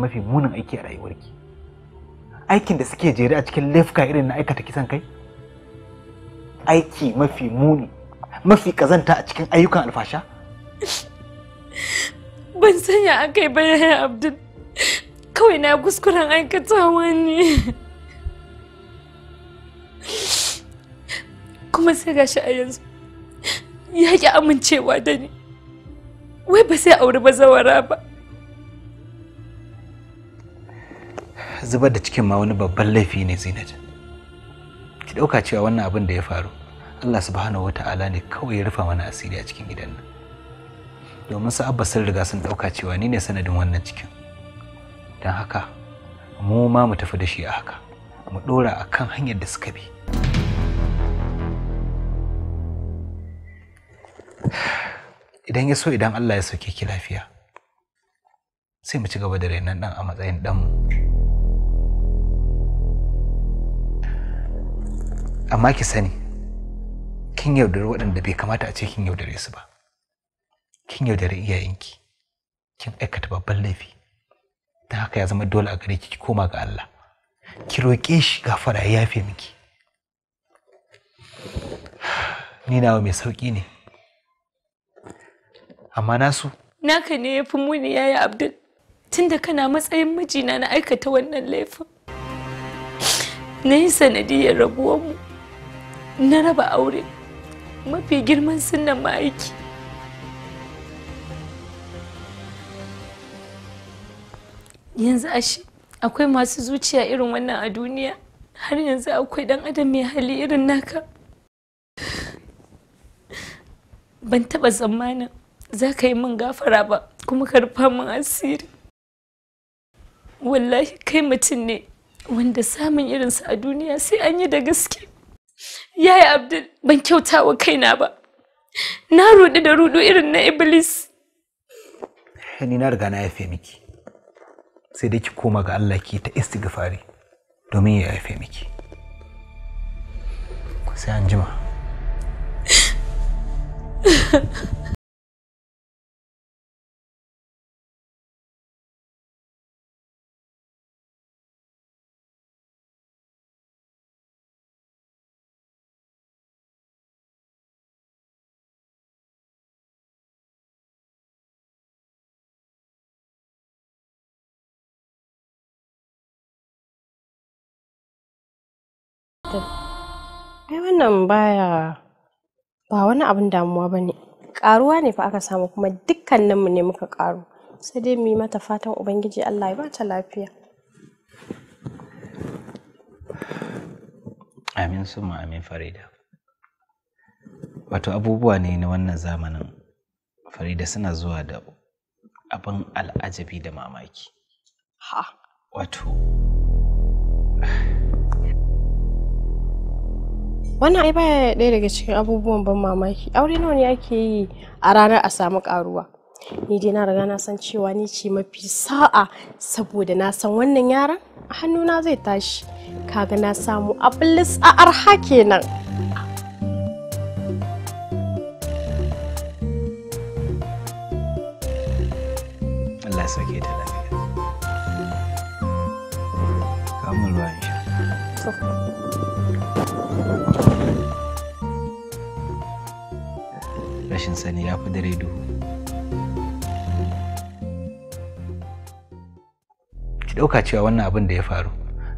mafi munin aiki a rayuwarki aikin da suke jere a cikin laifuka irin na aikata kisan kai aiki mafi muni mafi kazanta a cikin ayyukan alfasha ban sanya an kai ba yaya abdul kawai na kuskuren aikatawa ne kuma sai gashi a yanzu ya ki amincewa da ni wai ba sai aure ba zawara ba zubar da cikin ma wani babban laifi ne zinat ki ɗauka cewa wannan abin da ya faru allah subhanahu wata'ala ne kawai ya rufa mana asiri a cikin gidan nan domin su abba sun riga sun ɗauka cewa ni ne sanadin wannan cikin don haka mu ma mu tafi da shi a haka mu ɗora a kan hanyar da suka bi idan ya so idan allah ya sauke ki lafiya sai mu ci gaba da rainon ɗan a matsayin mu. amma ki sani kin yaudare waɗanda bai kamata a ce kin yaudare su ba kin yaudare iyayenki kin aikata babban laifi don haka ya zama dole a gare ki koma ga Allah ki roƙe shi gafara ya yafe miki ni nawa mai sauƙi ne amma nasu naka ne ya fi muni yayi abdul tunda kana matsayin mijina na aikata wannan laifin na yi sanadiyar rabuwarmu mu na raba aure mafi girman sunan ma'aiki yanzu ashe akwai masu zuciya irin wannan a duniya har yanzu akwai dan adam mai hali irin naka ban taba tsammanin za ka yi min gafara ba kuma ka rufa min asiri wallahi kai mutum ne wanda samun irinsa a duniya sai an yi da gaske Yaya Abdul ban kyauta wa kaina ba. Na rudu da rudu irin na Iblis. Eh, ni na riga na yafe miki. Sai dai ki koma ga Allah ki ta istighfari domin ya yafe miki. Sai an jima. Abdul. Ai wannan baya ba wani abin damuwa ba ne. Ƙaruwa ne fa aka samu kuma mu ne muka karu. Sai dai mu yi mata fatan Ubangiji Allah ya bata lafiya. Amin suma amin Farida. Wato abubuwa ne na wannan zamanin Farida suna zuwa da abin al'ajabi da mamaki. Ha! Wato wannan ai baya ɗaya daga cikin abubuwan ban mamaki aure nawa ne ake yi a ranar a samu karuwa ni dai na riga na san cewa ni ce mafi sa'a saboda na san wannan yaran hannuna zai tashi kaga na samu ablis a arha kenan Allah sake ta lafiya. Kamar lokacin sani ya fi dare duhu ki ɗauka cewa wannan abin da ya faru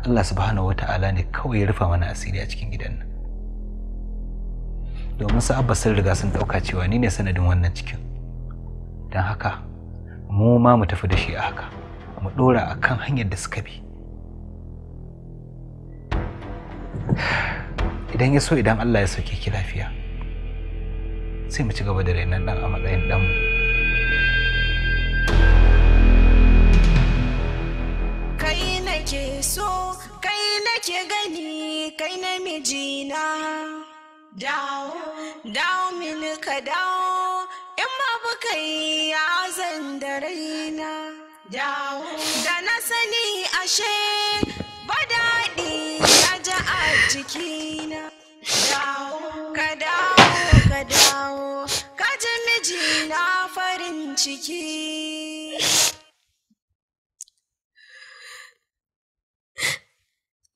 allah subhanahu ta'ala ne kawai ya rufa mana asiri a cikin gidan nan domin su abba sun riga sun ɗauka cewa ni ne sanadin wannan cikin don haka mu ma mu tafi da shi a haka mu ɗora a kan hanyar da suka bi idan ya so idan allah ya sauke ki lafiya sai mu ci gaba da rainon ɗan a matsayin ɗanmu. Kai nake so, kai nake gani, kai na mijina. Dawo, dawo mini ka dawo, in ma buka yi da raina. Dawo, da na sani ashe, ba daɗi ya ji a jikina. Dawo. dawo kaji miji na farin ciki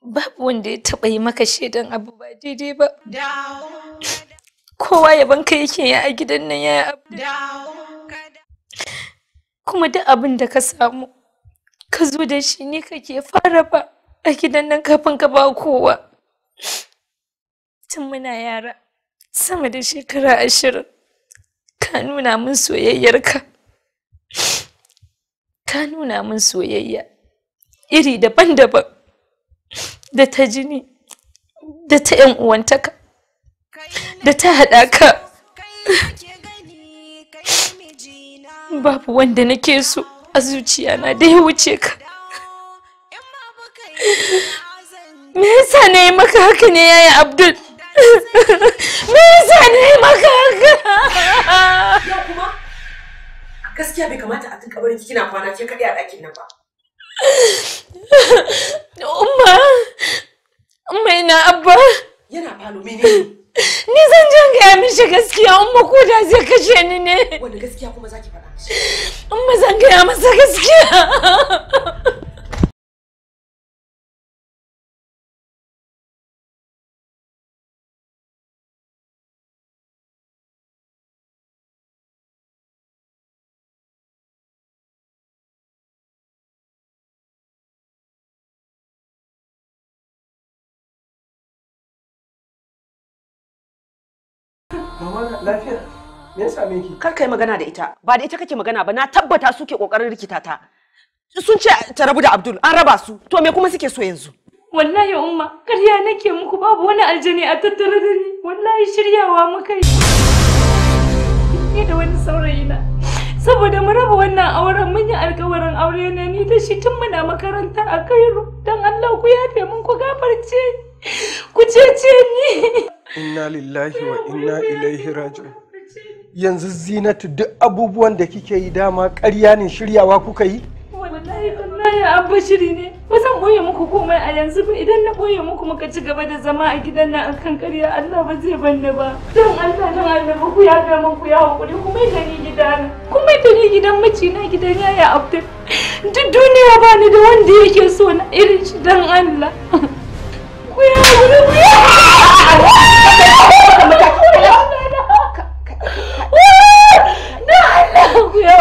babu wanda ya taba yi maka shaidan abu ba daidai ba kowa yaban ka yake ya a gidan nan ya abu kuma duk abin da ka samu ka zo da shi ne kake fara ba a gidan nan kafin ka ba kowa tun muna yara sama da shekara ashirin ka nuna min soyayyarka ka nuna min soyayya iri daban-daban da ta jini da ta yan uwantaka da ta haɗaka babu wanda nake so a zuciya na da ya wuce ka me yasa na yi maka haka ne yaya abdul Me sani maka haka? Yau kuma? Gaskiya bai kamata a kina kwana ke kaɗai a ɗakin nan ba. Umma, umma ina abba. Yana falo mene Ni zan jan gaya mishi gaskiya umma ko da zai kashe ni ne. Wanda gaskiya kuma zaki faɗa mishi. Umma zan gaya masa gaskiya. Mama Kar kai magana da ita. Ba da ita kake magana ba na tabbata suke kokarin rikita ta. Sun ce ta rabu da Abdul, an raba su. To me kuma suke so yanzu? Wallahi umma, karya nake muku babu wani aljani a tattare da ni. Wallahi shiryawa muka yi. Ni da wani saurayi na. Saboda mu raba wannan auren mun yi alkawarin aure na ni da shi tun muna makaranta a Cairo. Dan Allah ku yafe mun ku gafarce. inna lillahi wa inna ilaihi raji'un yanzu zinatu duk abubuwan da kike yi dama ƙarya ne shiryawa kuka yi wallahi wallahi abba shiri ne ba zan boye muku komai a yanzu ba idan na boye muku muka ci gaba da zama a gidan nan akan ƙarya Allah ba zai banni ba dan Allah na Allah ku ya ga ku ya hakuri kuma mai ni gidan kuma mai ni gidan maci na gidan yaya Abdul duk duniya ba ni da wanda yake so na irin shi dan Allah ku ya hakuri ku ya ku ya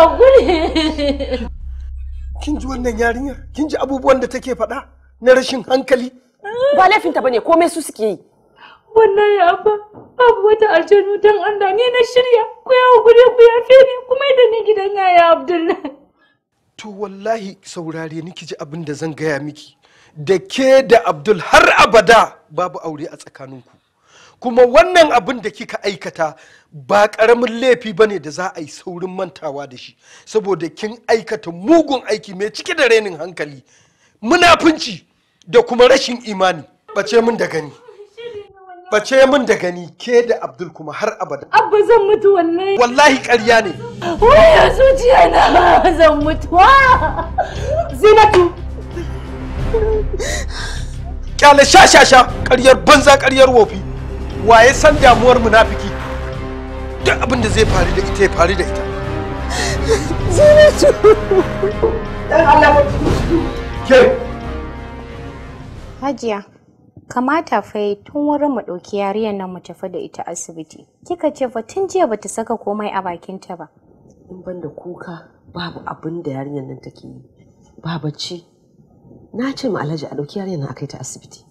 Kin ji wannan yarinyar? Kin ji abubuwan da take faɗa na rashin hankali? Ba laifinta bane komai su suke yi. ya ba, abu wata aljanu dan Allah ni na shirya ku ya hakuri ku ya ni kuma da ni gidan yaya Abdullahi. To wallahi saurare ni ji abin da zan gaya miki. Da ke da Abdul har abada babu aure a tsakaninku. kuma wannan abin da kika aikata ba ƙaramin laifi ba ne da za a yi saurin mantawa da shi saboda kin aikata mugun aiki mai cike da renin hankali munafunci da kuma rashin imani bace min da gani bace min da gani ke da abdul kuma har abada abba zan mutu wannan wallahi ƙarya ne waya zuciya na zan mutu zinatu kyale sha sha sha ƙaryar banza ƙaryar wofi waye san damuwar munafiki duk abin da zai faru da ita ya faru da ita ke hajiya kamata fa yi tun wurin mu ɗauki yariyar nan mu tafi da ita asibiti kika ce fa tun jiya bata saka komai a bakinta ba in ban da kuka babu abin da yarinyar nan take yi ba bacci na ce ma alhaji a ɗauki yarinyar nan a kai ta asibiti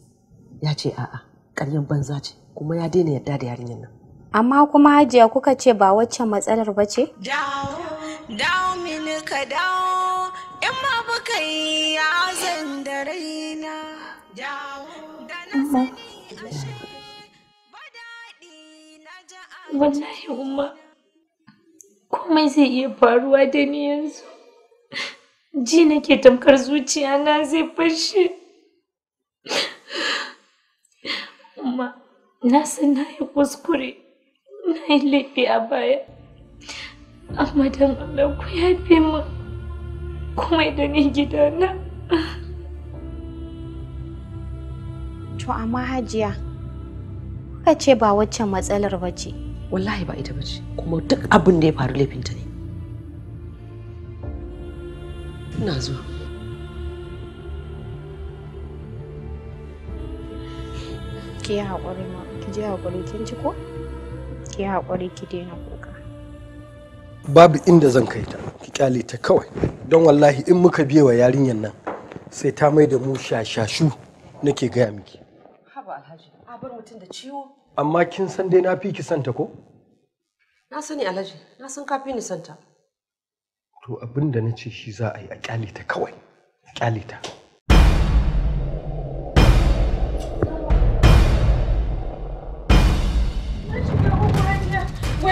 ya ce a'a ƙaryan banza ce kuma ya daina yadda da yarinyar nan amma kuma hajiya kuka ce ba waccan matsalar ba ce dawo dawo mini ka dawo in ma baka yi da raina dawo da na sani ashe na ja wallahi umma komai zai iya faruwa da ni yanzu ji nake tamkar zuciya na zai fashe umma na san na yi kuskure na yi laifi a baya amma don Allah ku fi mu kuma idan ni gidana to amma hajiya ka ce ba waccan matsalar ba ce wallahi ba ita ba ce kuma duk abin da ya faru laifinta ne ina zuwa ke haƙuri ma ki je hakuri kin ci ko ki hakuri ki daina kuka babu inda zan kai ta ki kyale ta kawai don wallahi in muka biye wa yarinyar nan sai ta mai da mu shashashu nake gaya miki haba alhaji a bar mutum da ciwo amma kin san dai na fi ki santa ko na sani alhaji na san ka fi ni santa to abin da na ce shi za a yi a kyale ta kawai a kyale ta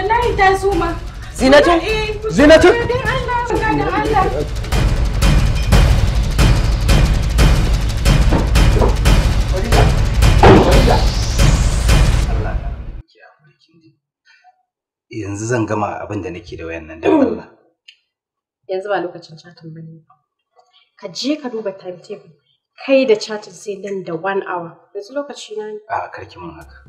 wallahi ta suma zinatu eh, zinatu yanzu zan gama abin da nake da wayannan dan don Allah. Yanzu ba lokacin chatin ba ne. Ka je ka duba timetable kai da chatin sai nan da one hour. Yanzu lokaci na ne. A karki mun haka.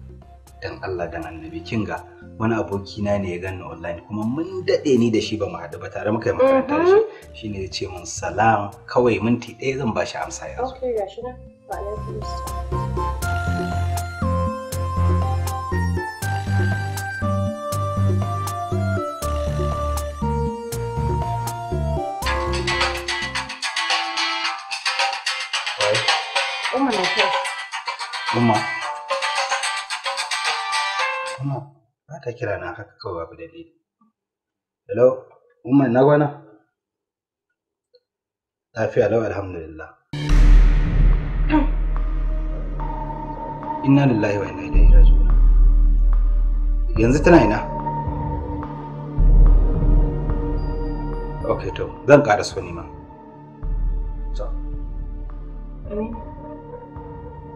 dan Allah dan annabi kinga wani aboki na ne ya gani online kuma mun daɗe ni da shi ba mu haɗu ba tare muka yi makaranta da shi mm-hmm. shine ya ce mun salam kawai minti ɗaya zan ba shi amsa yanzu. Okay, Uma. kira na haka kawai babu dalili hello umma na gwana lafiya lau alhamdulillah inna lillahi wa inna ilaihi raji'un yanzu tana ina ok to zan kara so nima so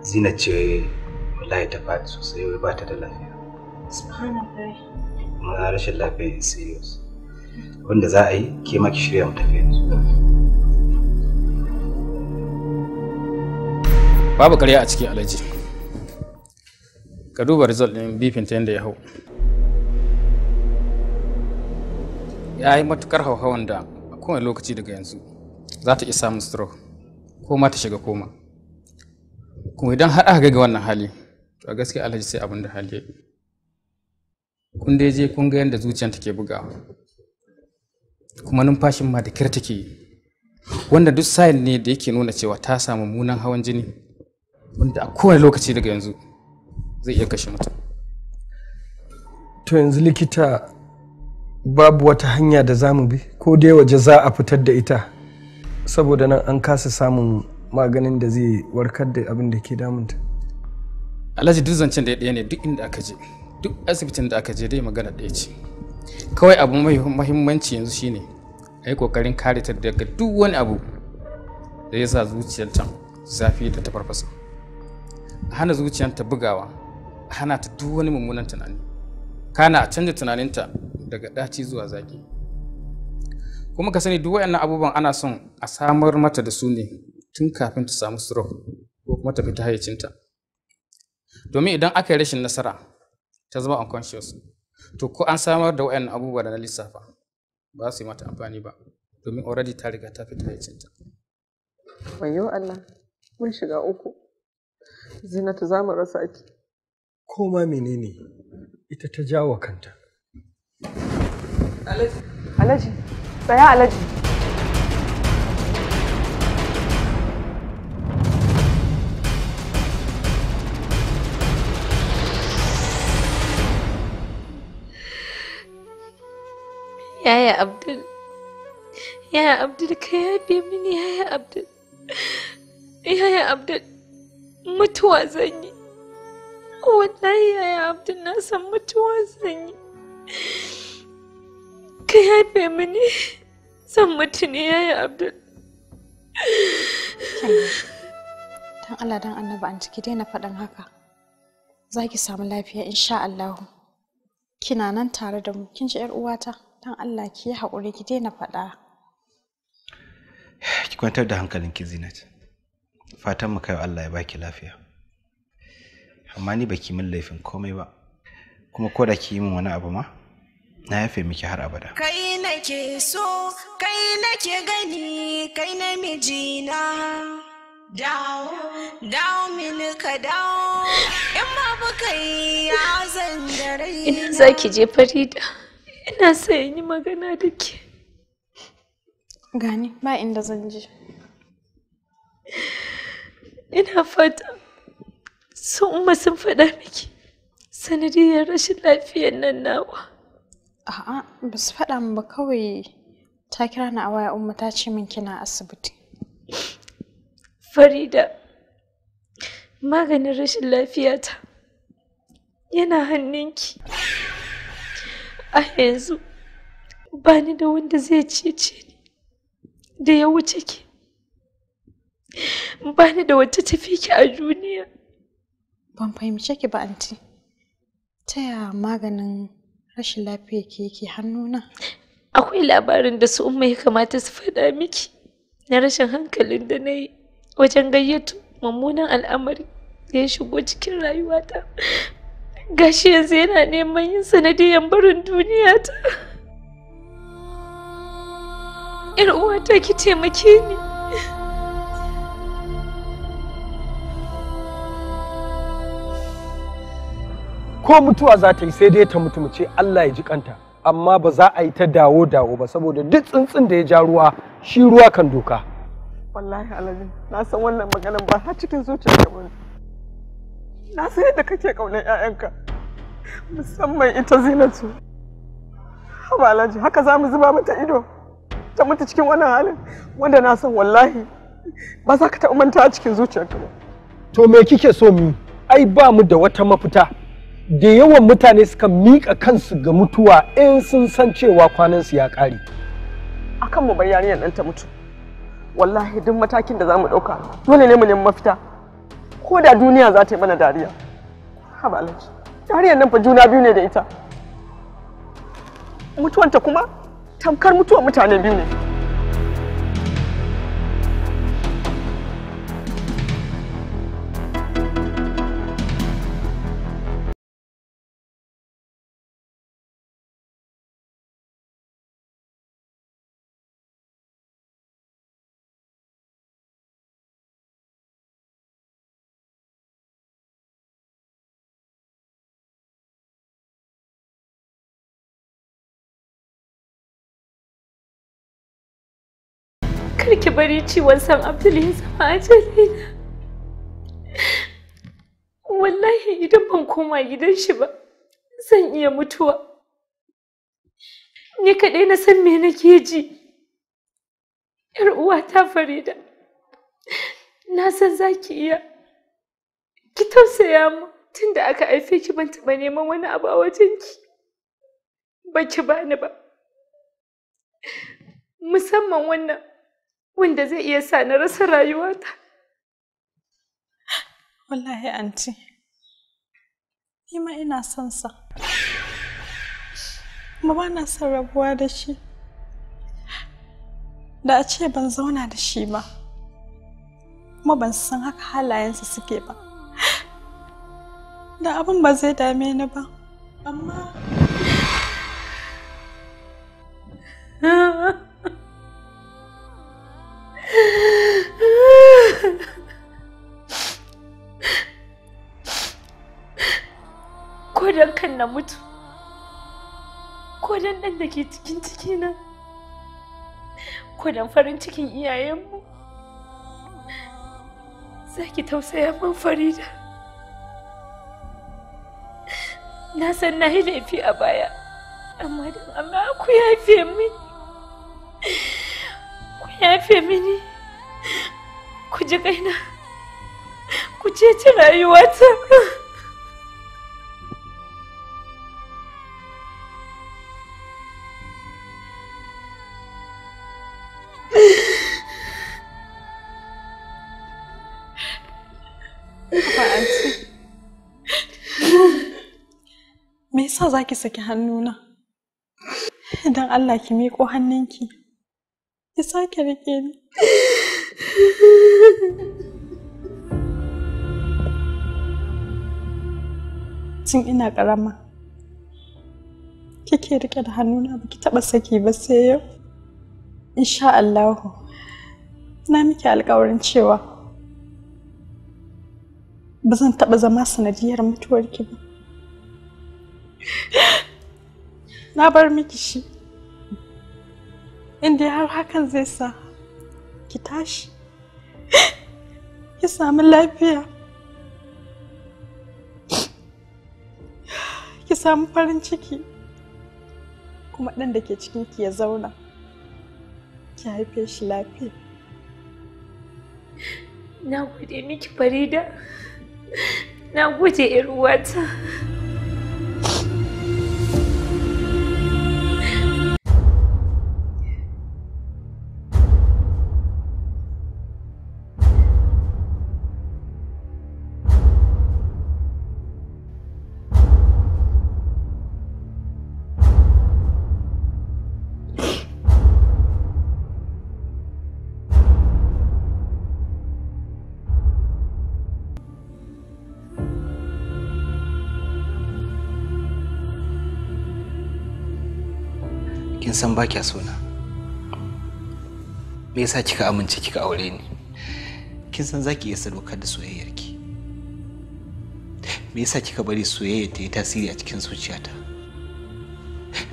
zina ce wallahi ta faɗi sosai wai ba ta da lafiya na rashin lafiya is serious. wanda za a yi ke ma ki shirya mu tafi yanzu. Babu karya a cikin alaji. Ka duba result ɗin bifin ta yadda ya hau. Ya yi matukar hauhawan da a kowane lokaci daga yanzu za ta iya samun stroke ko ma ta shiga koma. Kuma idan har aka ga wannan hali, to a gaskiya alhaji sai abin da hali ya yi. kun dai je kun ga yadda zuciyan take buga kuma numfashin ma da kira take yi wanda duk sayin ne da yake nuna cewa ta samu munan hawan jini wanda a kowane lokaci daga yanzu zai iya kashe mutum to yanzu likita babu wata hanya da za mu bi ko dai waje za a fitar da ita saboda nan an kasa samun maganin da zai warkar da abin da ke damunta alhaji duk zancen da ya ɗaya ne duk inda aka je duk asibitin da aka je dai magana ɗaya ce kawai abu mai mahimmanci yanzu shine a yi ƙoƙarin kare ta daga duk wani abu da ya sa zuciyarta zafi da ta farfasa a hana zuciyarta bugawa a hana ta duk wani mummunan tunani kana a canza tunaninta daga ɗaci zuwa zaki kuma ka sani duk waɗannan abubuwan ana son a samar mata da su ne tun kafin ta samu stroke ko kuma ta fita hayyacinta domin idan aka yi rashin nasara ta zama unconscious to ko an samar da wayannan abubuwa da na lissafa ba su yi mata amfani ba domin already ta riga ta fita ta wayo Allah mun shiga uku zinatu za mu rasa ki ko ma menene ita ta jawo kanta alaji alaji tsaya alaji yaya abdul يا مني يا يا يا يا na san mutuwa zan yi mini mutu ne yaya abdul dan Allah dan annaba an ciki daina faɗin haka za ki samu lafiya insha Allah kina nan tare da mu kin ci 'yar uwata don Allah ki yi haƙuri ki daina faɗa. Ki kwantar da hankalin ki Zinat. Fatan mu kai Allah ya baki lafiya. Amma ni baki min laifin komai ba. Kuma ko da ki yi min wani abu ma, na yafe miki har abada. Kai nake so, kai nake gani, kai na mijina. Dawo, dawo mini ka dawo, in ma ya zan da raina. Ina za ki je Farida. Ina so in yi magana da ke. Gani ba inda zan je. Ina fata su umma sun faɗa miki sanadiyar rashin lafiyar nan nawa. A'a ba su faɗa min ba kawai ta kira ni a waya umma ta ce min kina asibiti. Farida maganin rashin lafiyata yana hannunki. a yanzu ba ni da wanda zai cece ni da ya wuce ki ba ni da wata tafi ki a duniya ban fahimce ki ba anti ta ya maganin rashin lafiya ke yake hannuna akwai labarin da su umma ya kamata su faɗa miki na rashin hankalin da na yi wajen gayyato mummunan al'amari da ya shigo cikin rayuwata gashi yanzu yana neman yin sanadiyan barin duniya ta yar uwata ki taimake ni ko mutuwa za ta yi sai dai ta mutu ce Allah ya ji kanta amma ba za a yi ta dawo dawo ba saboda duk tsuntsun da ya ja ruwa shi ruwa kan doka wallahi alhaji na san wannan ba har cikin zuciyarka na san yadda kake kaunar 'ya'yanka musamman ita zinatu haba alhaji haka za mu zuba mata ido ta mutu cikin wannan halin wanda na san wallahi ba za ka taɓa manta a cikin zuciyarka ba to me kike so mu ai ba mu da wata mafita da yawan mutane suka miƙa kansu ga mutuwa in sun san cewa kwanansu ya ƙare akan mu bayyana yan ɗan ta mutu wallahi duk matakin da za mu ɗauka dole ne mu nemi mafita ko da duniya za ta yi mana dariya haba alhaji dariyar nan fa juna biyu ne da ita mutuwanta kuma tamkar mutuwar mutane biyu ne ki bari ciwon san Abdul ya zama ajalina. Wallahi idan ban koma gidan shi ba, zan iya mutuwa. Ni kaɗai na san me nake ji. ‘Yar uwa ta Farida, na san za ki iya. Ki tausaya mu tunda aka haife ki ban taɓa neman wani abu a wajen ki. Ba ki bani ba. Musamman wannan wanda zai iya sa na rasa rayuwata. Wallahi anti, ni ma ina son sa. Kuma ba na son rabuwa da shi. Da a ce ban zauna da shi ba, kuma ban san haka halayensa suke ba. Da abin ba zai dame ni ba, amma... ko don kan na mutu ko don ɗan da ke cikin cikina ko don farin cikin iyayenmu za ki tausaya min farida na san na yi laifi a baya amma don amma ku yafe mini ku yafe mini ku ji kaina ku ceci rayuwata Me yasa za ki saki hannuna? Idan Allah ki miƙo hannunki, ki sake rike ni. Tun ina ƙarama. Kike riƙe da hannuna Baki ki taɓa saki ba sai yau. Insha Allahu. Na miki alƙawarin cewa ba zan taɓa zama sanadiyar mutuwarki ba. Na bar miki shi. inda har hakan zai sa ki tashi. ya sami lafiya ki samu farin ciki kuma ɗan da ke cikinki ya zauna ki haife shi lafiya na gode miki farida na gode 'yar uwata. san ba kya sona me yasa kika amince kika aure ni kin san zaki iya sadaukar da soyayyarki me yasa kika bari soyayya ta yi tasiri a cikin zuciyata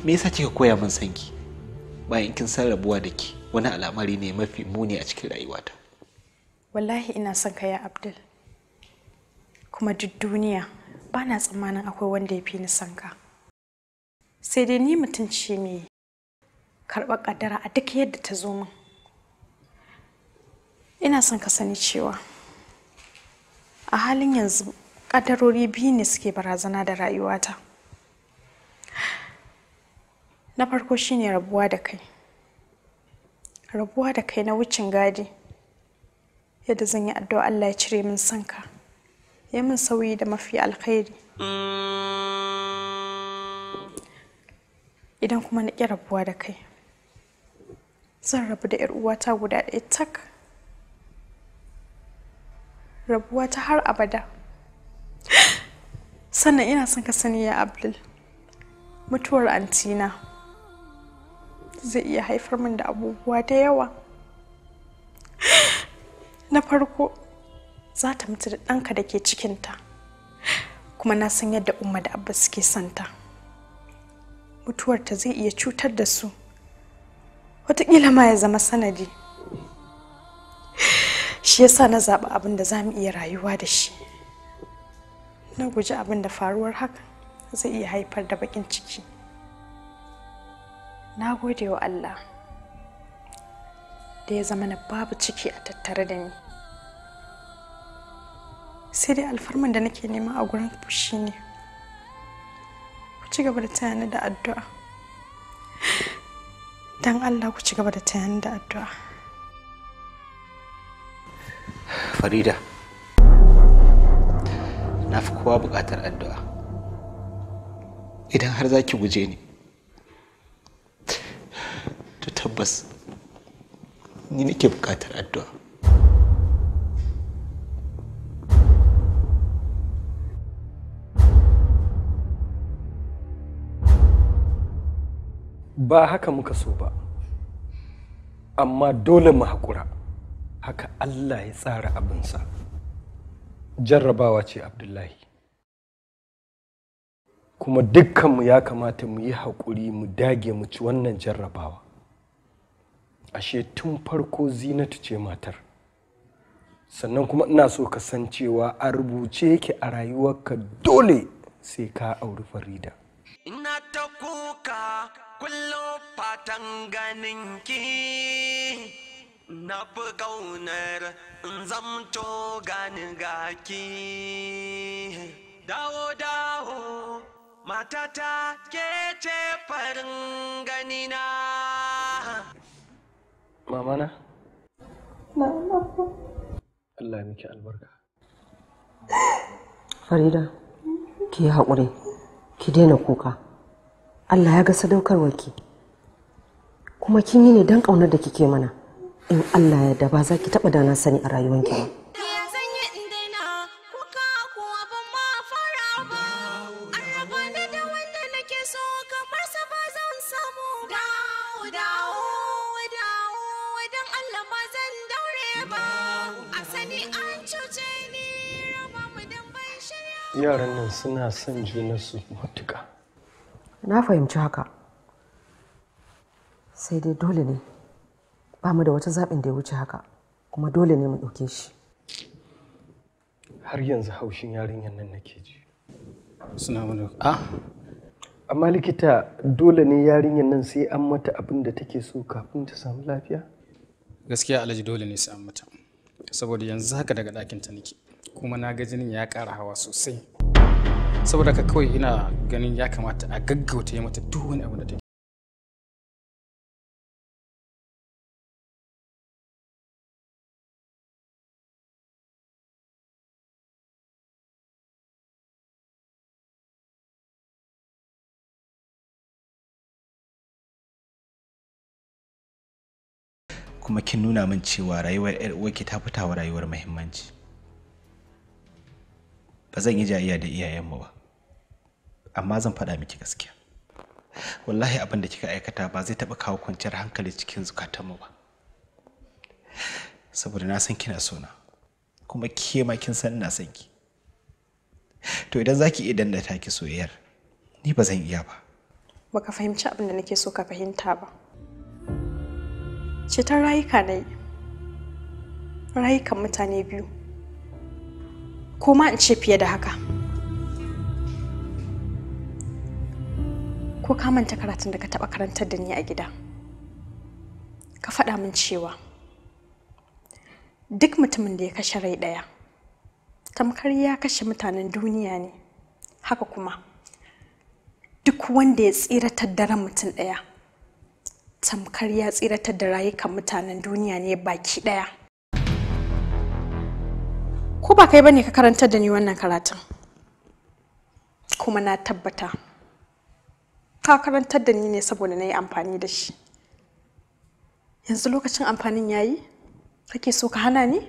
me yasa kika koya min sanki bayan kin san rabuwa da ki wani al'amari ne mafi muni a cikin rayuwata wallahi ina son ka ya abdul kuma duk duniya bana na tsammanin akwai wanda ya fi ni sanka. sai dai ni mutum ce mai karɓar ƙaddara a duk yadda ta zo min ina son ka sani cewa a halin yanzu ƙaddarori biyu ne suke barazana da rayuwata na farko shine rabuwa da kai rabuwa da kai na wucin gadi yadda zan yi addu'a Allah ya cire min sanka ya min sauyi da mafi alkhairi idan kuma na ƙi rabuwa da kai zan rabu da 'yar uwata guda ɗaya tak rabuwa ta har abada sannan ina son ka sani ya abdul mutuwar antina zai iya haifar min da abubuwa da yawa na farko za ta mutu da ɗanka da ke cikinta kuma na san yadda umma da abba suke santa mutuwarta zai iya cutar da su wataƙila ma ya zama sanadi shi yasa na zaɓi abin da za mu iya rayuwa da shi na guji abin da faruwar haka zai iya haifar da baƙin ciki na gode wa allah da ya zama na babu ciki a tattare da ni sai dai alfarman da nake nema a gurin fushi ne ku ci gaba da tayani da addu'a dan allah ku ci gaba da tayan da addu'a farida na fi kowa buƙatar addu'a idan har za ki guje ni to tabbas ni nake buƙatar addu'a ba haka muka so ba amma dole mu haƙura haka Allah ya tsara abinsa jarrabawa ce abdullahi kuma dukkanmu ya kamata mu yi haƙuri mu dage mu ci wannan jarrabawa ashe tun farko zinatu ce matar sannan kuma ina so ka san cewa a rubuce yake a rayuwarka dole sai ka auri farida kuka kullum fatan ganin ki na fi ƙaunar zamto ganin gaki dawo dawo matata ke ce farin ganina mamana mama Allah miki albarka farida ki haƙuri ki daina kuka Allah ya ga sadaukarwarki kuma kin yi ne don ƙaunar da kike mana in Allah ya da ba za ki taɓa dana sani a rayuwanki ba. yaran nan suna son junansu matuƙa na fahimci haka sai dai dole ne ba mu da wata zaɓin da ya wuce haka kuma dole ne mu ɗauke shi har yanzu haushin yarinyar nan na ji suna mana a ah! amma likita dole ne yarinyar nan sai an mata abin da take so kafin ta samu lafiya gaskiya alhaji dole ne sai an mata saboda yanzu haka daga ɗakin ta nake kuma na ga jinin ya ƙara hawa sosai saboda ka kawai ina ganin ya kamata a gaggauta ya mata duk wani abu da take kuma kin nuna min cewa rayuwar yar uwarki ta fita rayuwar muhimmanci ba zan yi jayayya da iyayenmu ba amma zan faɗa miki gaskiya wallahi abin da kika aikata ba zai taɓa kawo kwanciyar hankali cikin zukatanmu ba saboda na san kina sona kuma ke ma kin san ina son ki to idan zaki iya dandata ki soyayyar ni ba zan iya ba baka fahimci abin da nake so ka fahimta ba ta rayuka na yi rayukan mutane biyu ko ma in ce fiye da haka ko ka manta karatun da ka taɓa karantar da ni a gida ka faɗa min cewa duk mutumin da ya kashe rai ɗaya tamkar ya kashe mutanen duniya ne haka kuma duk wanda ya tsira da ran mutum ɗaya tamkar ya tsiratar da rayukan mutanen duniya ne baki ɗaya ko ba kai bane ka karantar da ni wannan karatun kuma na tabbata ka karantar da ni ne saboda na yi amfani da shi yanzu lokacin amfanin ya yi kake so ka hana ni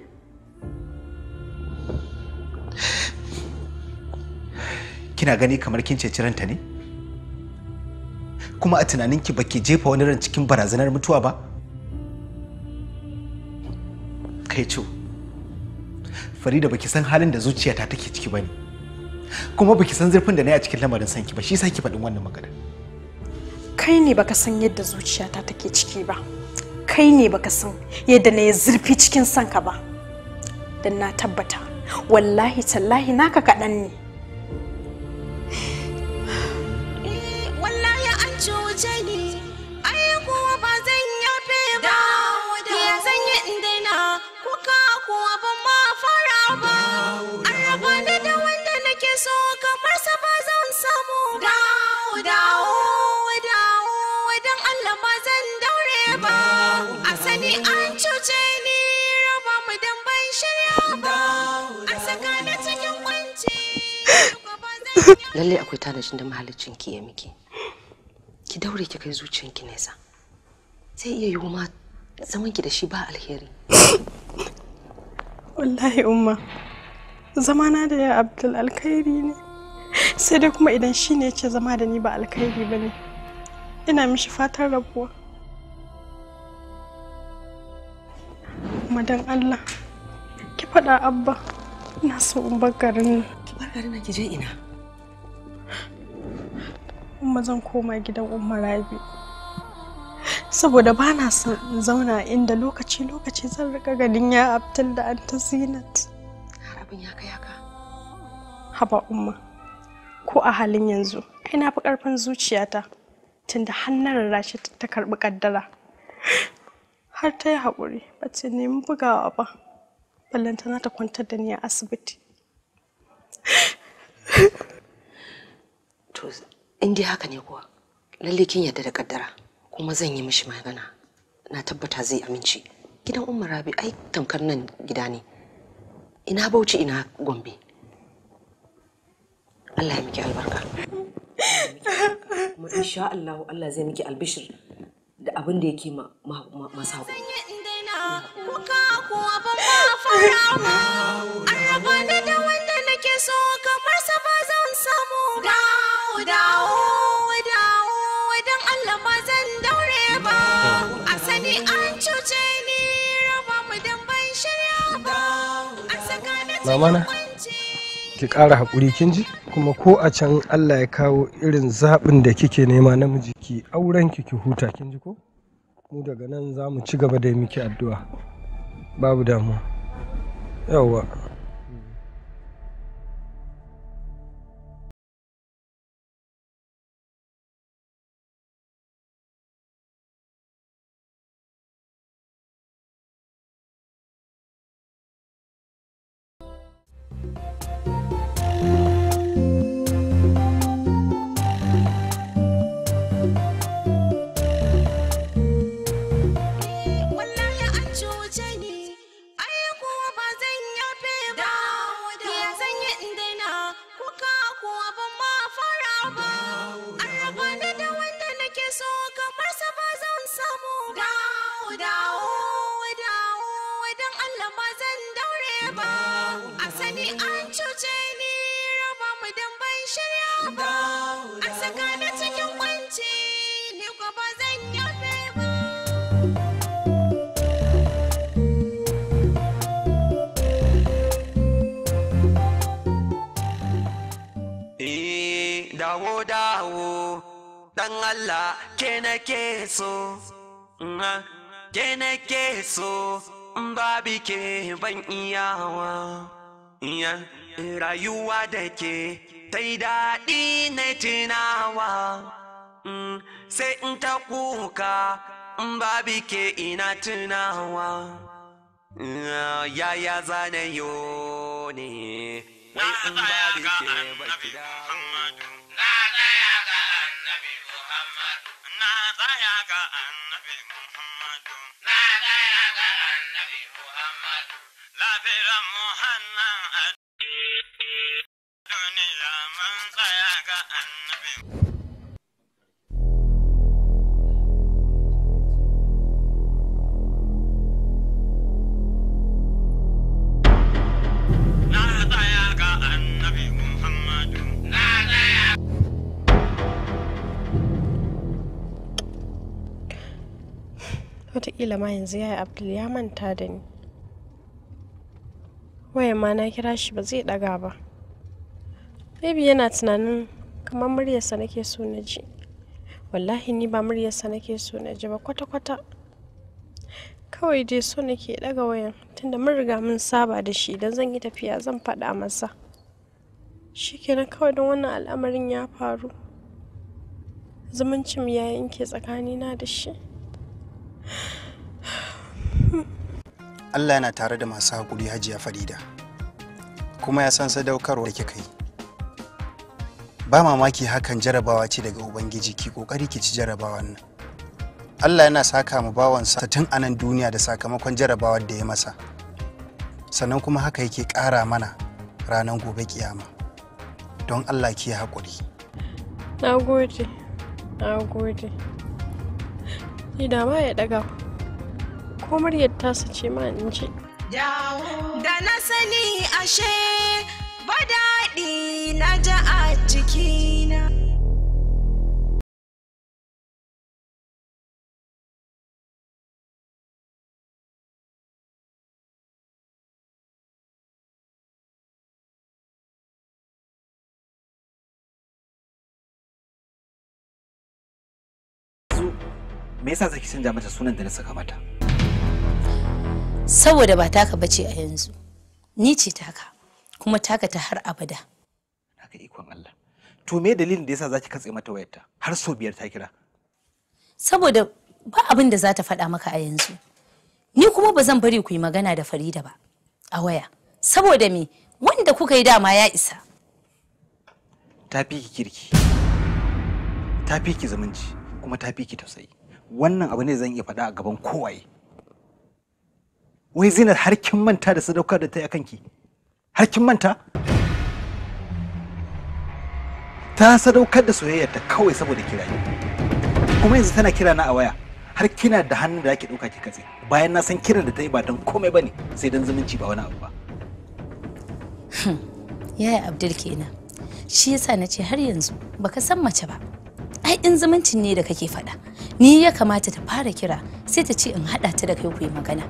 kina gani kamar kin ceci ranta ne kuma a tunaninki baki jefa wani ran cikin barazanar mutuwa ba kai ciwo farida baki san halin da zuciyata take ciki ba ne kuma baki san zurfin da na yi a cikin lamarin sanki ba shi sa ki faɗin wannan magana kai ne baka san yadda zuciyata take ciki ba kai ne baka san yadda na yi zurfi cikin son ka ba don na tabbata wallahi tallahi naka kaɗan ne wallahi an cuce ni ai kuwa ba zan yafe ba ya zan yi in kuka kuwa ban ma fara ba an raba da wanda nake so kamar sa ba zan samu dawo dawo an cuce ni mu dan ba a saka cikin kwanci lalle akwai tanajin da mahalicin ki ya miki ki daure ki kai ki nesa sai iya yiwu ma zaman ki da shi ba alheri wallahi umma zamana da ya abdul alkhairi ne sai dai kuma idan shi ne ce zama da ni ba alkhairi ba ne ina mishi fatan rabuwa kuma don Allah ki faɗa abba ina so in bar garin nan ki bar garin nan ki je ina amma zan koma gidan umma rabi saboda ba na son in zauna inda lokaci lokaci zan rika ganin ya abdul da Anta zinat abin ya kai haka haba umma ko a halin yanzu ina fi karfin zuciyata tunda hannar rashi ta karbi kaddara har ta yi haƙuri ba ce nemi bugawa ba tana ta kwantar da ni a asibiti to in dai haka ne kuwa lalle kin yarda da kaddara kuma zan yi mishi magana na tabbata zai amince gidan umar rabi ai tamkar nan gida ne ina bauchi ina gombe Allah ya miki albarka kuma insha Allah Allah zai miki albishir abin da yake masu haƙuri. Kuka kuwa ban ma fara an raba ni da wanda nake so kamar sa ba zan samu ba. Dawo, dawo, don Allah ba zan daure ba, a sani an cuce ni raba mu don ban shirya ba, saka cikin ki ƙara haƙuri kin ji kuma ko a can Allah ya kawo irin zaɓin da kike nema namiji ki auren ki ki huta kin ji ko mu daga nan za mu ci gaba da yi miki addu'a babu damuwa yawwa dawo dawo dan Allah ba zan daure ba a sani an cuce ni raba mu dan ban shirya ba a saka na cikin kwanci ni ko ba zan yafe ba Eh dawo dawo dan Allah ke nake so mm-hmm. ke nake so bi ke ban iyawa iya rayuwa da ke ta yi daɗi na tunawa mm, sai in ta kuka bi ke ina tunawa yaya zanayo ne wai in bi ke ban iyawa Wataƙila ma yanzu ya yi Abdul ya manta da ni. wayan ma na kira shi ba zai ɗaga ba baby yana tunanin kamar muryarsa nake so na ji wallahi ni ba muryarsa nake so na ji ba kwata-kwata kawai dai so nake ɗaga wayan tunda mun riga mun saba da shi idan zan yi tafiya zan faɗa masa shikenan kawai don wannan al'amarin ya faru zumuncin ya yanke tsakanina da shi Allah yana tare da masu haƙuri hajiya Farida kuma ya san sadaukarwa da kika yi ba mamaki hakan jarabawa ce daga ubangiji ki kokari ki ci jarabawan nan Allah yana saka mu sa tun anan duniya da sakamakon jarabawar da ya masa sannan kuma haka yake ƙara mana ranar gobe kiyama don Allah ki haƙuri na gode na gode ni da ba ya ɗaga ko muryar tasa ce ma in ji da na sani ashe badaɗi na ja a cikina me yasa zaki canja mata sunan da na saka mata saboda ba taka bace a yanzu ni ce taka kuma taka ta har abada haka ikon Allah to me dalilin da yasa zaki katse mata wayarta har so biyar ta kira saboda ba abin da za ta faɗa maka a yanzu ni kuma ba zan bari ku yi magana da Farida ba a waya saboda me wanda kuka yi dama ya isa ta fi ki kirki ta fi ki zumunci kuma ta fi ki tausayi wannan abu ne zan iya faɗa a gaban kowaye wai zina har kin manta da sadaukar da ta yi a kanki har kin manta ta sadaukar da soyayyarta kawai saboda ni kuma yanzu tana kira na a waya har kina da hannun da ake ɗauka ki katse bayan na san kiran da ta yi ba don komai bane sai dan zumunci ba wani abu ba hmm. yaya abdul kenan shi yasa na ce har yanzu baka san mace ba ai in zumuncin ne da kake faɗa ni ya kamata ta fara kira sai ta ce in haɗa ta da kai ku yi magana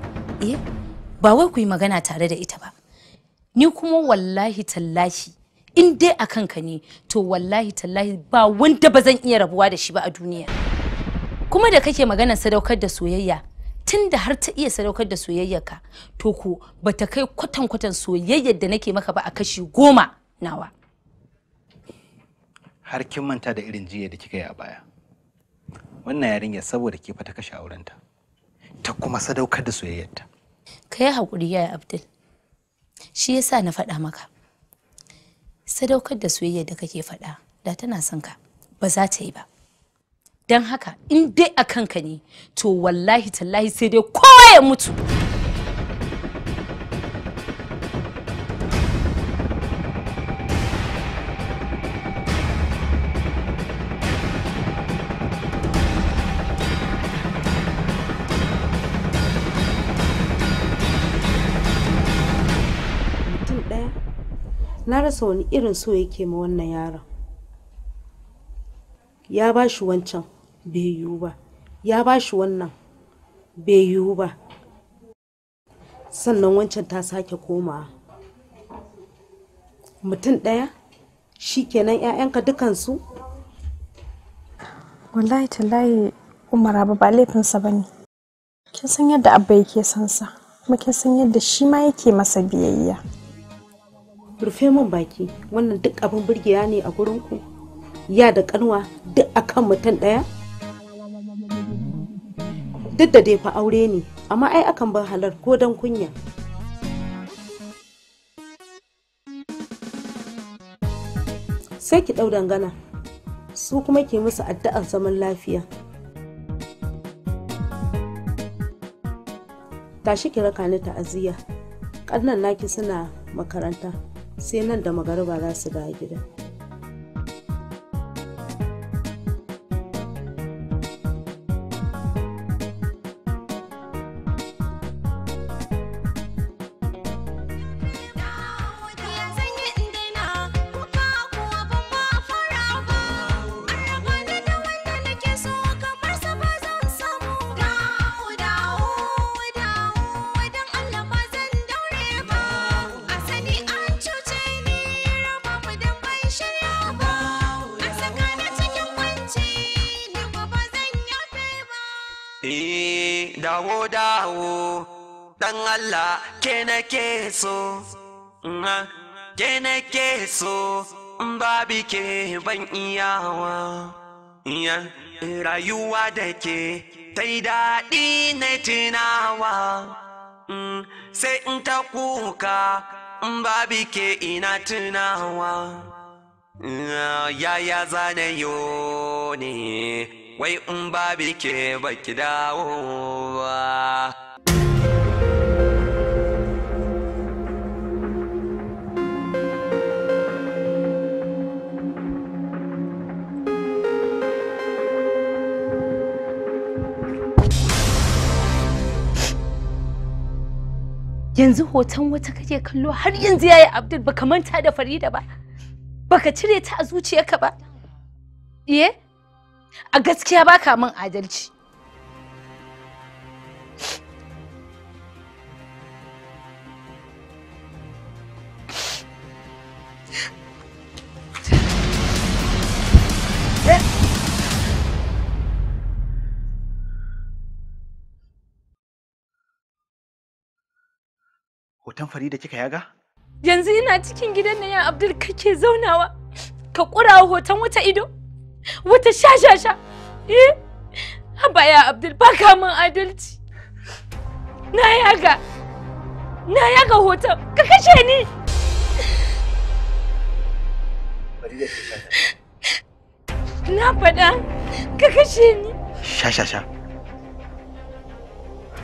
eh ba wai ku yi magana tare da ita ba ni kuma wallahi tallahi in dai a kanka ne to wallahi tallahi ba wanda ba zan iya rabuwa da shi ba a duniya kuma da kake magana sadaukar da soyayya tun da har ta iya sadaukar da ka to ko bata kai kwatan-kwatan soyayyar da nake maka ba a kashi goma nawa har kin manta da irin jiya da kika yi a baya wannan yarinya saboda ke fata kashe aurenta ta kuma sadaukar da soyayyarta ka yi haƙuri yaya abdul shi yasa na faɗa maka sadaukar da soyayyar da kake faɗa da tana son ka ba za ta yi ba don haka in dai a kanka ne to wallahi tallahi sai dai kowa ya mutu rasa wani irin so yake ma wannan yaron ya ba shi wancan bai yiwu ba ya ba shi wannan bai yiwu ba sannan wancan ta sake koma mutum ɗaya shi kenan 'ya'yanka dukansu wallahi tallahi umar abu ba laifinsa ba ne kin san yadda abba yake sansa kuma kin san yadda shi ma yake masa biyayya rufe min baki wannan duk abin burgewa ne a gurinku ya da kanwa duk akan mutum ɗaya duk da dai fa aure ne amma ai akan bar halar ko don kunya sai ki ɗau dangana su kuma ke musu addu'ar zaman lafiya tashi ki raka ni ta'aziyya ƙannan naki suna makaranta sai nan da magariba za su dawo gida Idan Allah ke nake so ke nake so bi ke ban iyawa rayuwa da ke ta yi daɗi na tunawa mm, sai in ta kuka bi ke ina tunawa yaya yo ne wai in bi ke baki dawo yanzu hoton wata kake kallo har yanzu ya yayi abdul baka manta da farida ba baka cire ta a zuciyarka ba iye eh? a gaskiya baka min adalci hoton Farida kika yaga? Yanzu ina cikin gidan nan ya Abdul kake zaunawa ka kura hoton wata ido wata shashasha eh haba ya Abdul ba ka min adalci na yaga na yaga hoton ka kashe ni na faɗa ka kashe ni shashasha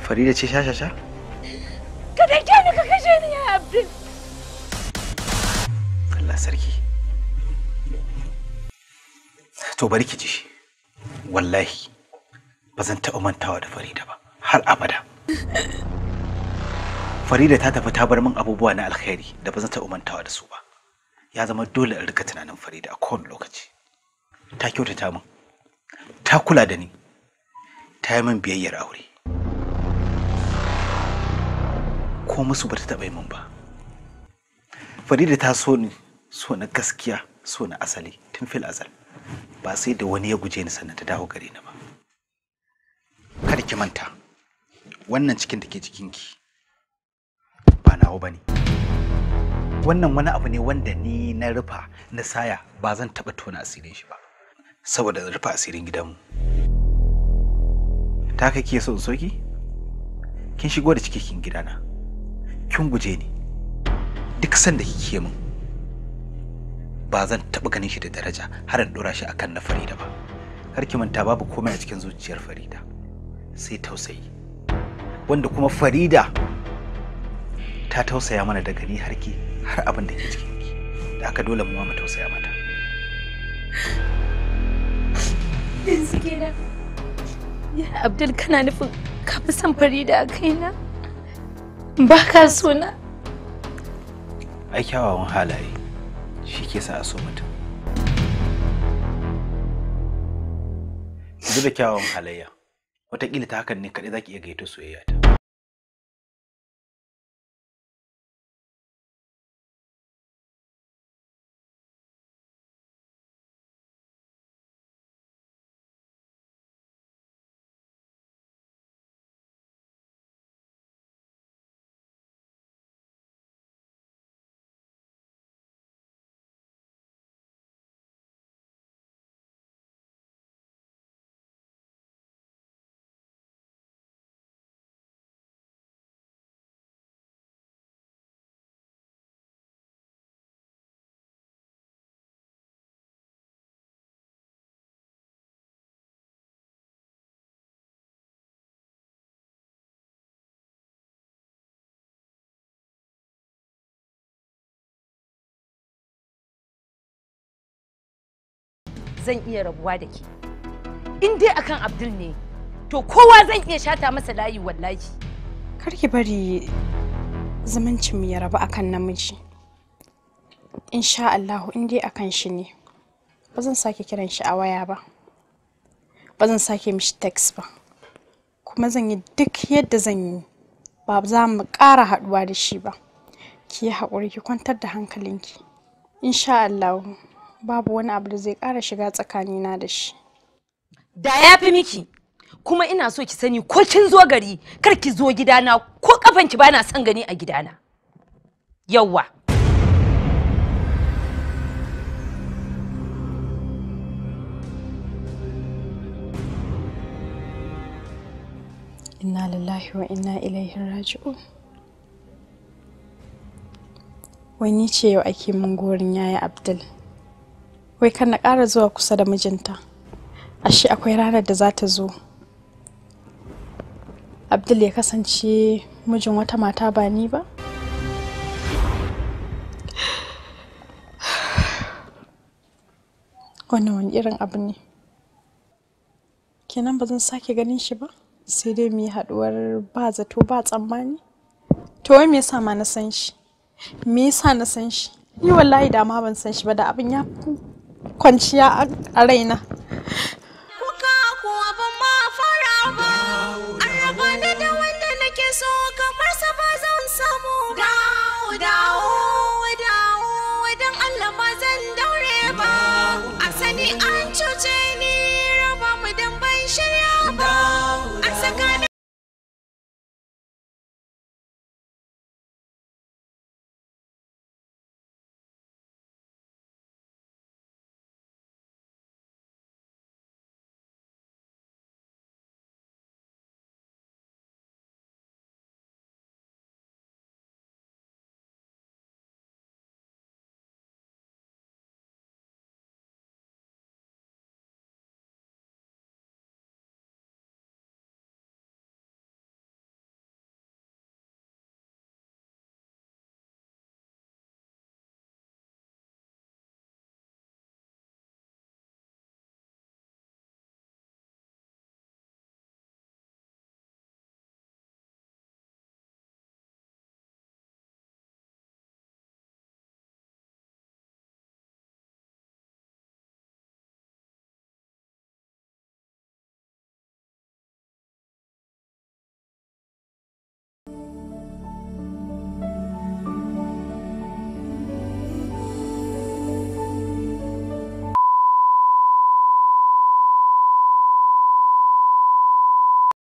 Farida ce shashasha? Ka dake ni ka sarki to bari ki ji wallahi ba zan taɓa mantawa da farida ba har abada farida ta tafi ta bar min abubuwa na alkhairi da ba zan taɓa mantawa da su ba ya zama dole in rika tunanin farida a kowane lokaci ta kyautata min ta kula da ni ta yi min biyayyar aure ko musu ba ta taɓa min ba farida ta so ni so na gaskiya so na asali tun fil azal ba sai da wani ya guje ni sannan ta dawo gare ni ba kada ki manta wannan cikin da ke ki. ba nawa ba ne wannan wani abu ne wanda ni na rufa na saya ba zan taɓa tona asirin shi ba saboda rufa asirin gidanmu ta kake so soki kin shigo da cikin gidana kin guje ni duk sanda kike min ba zan taɓa ganin shi da daraja har in dora shi akan na Farida ba har ki manta babu komai a cikin zuciyar Farida sai tausayi wanda kuma Farida ta tausaya mana daga ni har ki har abin da ke cikin ki da aka dole mu ma mu tausaya mata yanzu kenan ya Abdul kana nufin kafin fi son Farida a kaina ba ka suna ai kyawawan halaye shi ke sa a so mutum zuba kyawawan halayya wataƙila ta hakan ne kaɗai za ki iya gaito soyayya ta zan iya rabuwa da ke in dai akan abdul ne to kowa zan iya shata masa layi wallahi kar ki bari zumuncin ya rabu akan namiji sha Allah in dai akan shi ne ba zan sake kiran shi a waya ba ba zan sake mishi text ba kuma zan yi duk yadda zan yi ba za mu ƙara haɗuwa da shi ba ki yi haƙuri ki kwantar da hankalinki sha Allah babu wani abu da zai ƙara shiga tsakanina da shi da ya fi miki kuma ina so ki sani ko kin zo gari kar ki zo gidana ko ba bana son gani a gidana yawwa inna lillahi wa inna ilaihi raji'u. wani ce yau ake mun gorin yaya abdul wai kan na ƙara zuwa kusa da mijinta ashe akwai ranar da za ta zo abdul ya kasance mijin wata mata ba ni ba wani wani irin abu ne kenan ba zan sake ganin shi ba sai dai mu yi haduwar ba zato ba tsammani to wai me yasa ma na san shi me yasa na san shi ni wallahi da ma ban san shi ba da abin ya kwanciya a raina kuka kuwa ban ma fara ba an raba ni da wanda nake so kamar sa ba zan samu dawo dawo dawo dan Allah ba zan daure ba a sani an cuce ni raba mu dan ban shirya ba